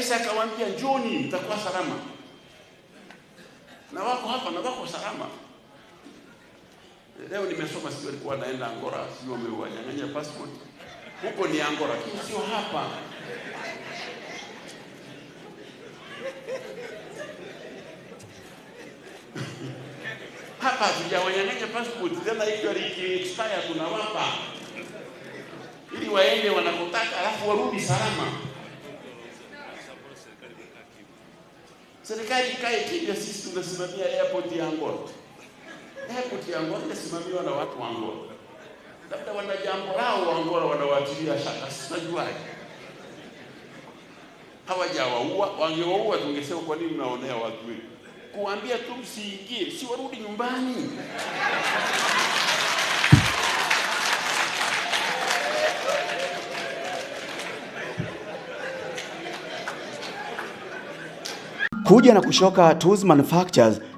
Isa akawaambia njoni, mtakuwa salama, na wako hapa na wako salama. Leo nimesoma, sio alikuwa anaenda Angola, sio wamewanyang'anya passport huko, ni Angola, lakini sio hapa. hapa hatujawanyang'anya passport tena, hiyo ikiexpire tunawapa ili waende wanakotaka, alafu warudi salama. Serikali ikae kimya, sisi tunasimamia airport ya Angola. Airport ya Angola inasimamiwa na watu wa Angola, labda wana jambo lao wa Angola wanawatilia shaka, sinajuaje hawajawaua. Wangewaua tungesema kwa nini mnaonea watu wetu? Kuambia tu msiingie, si warudi nyumbani. kuja na kushoka Tools Manufactures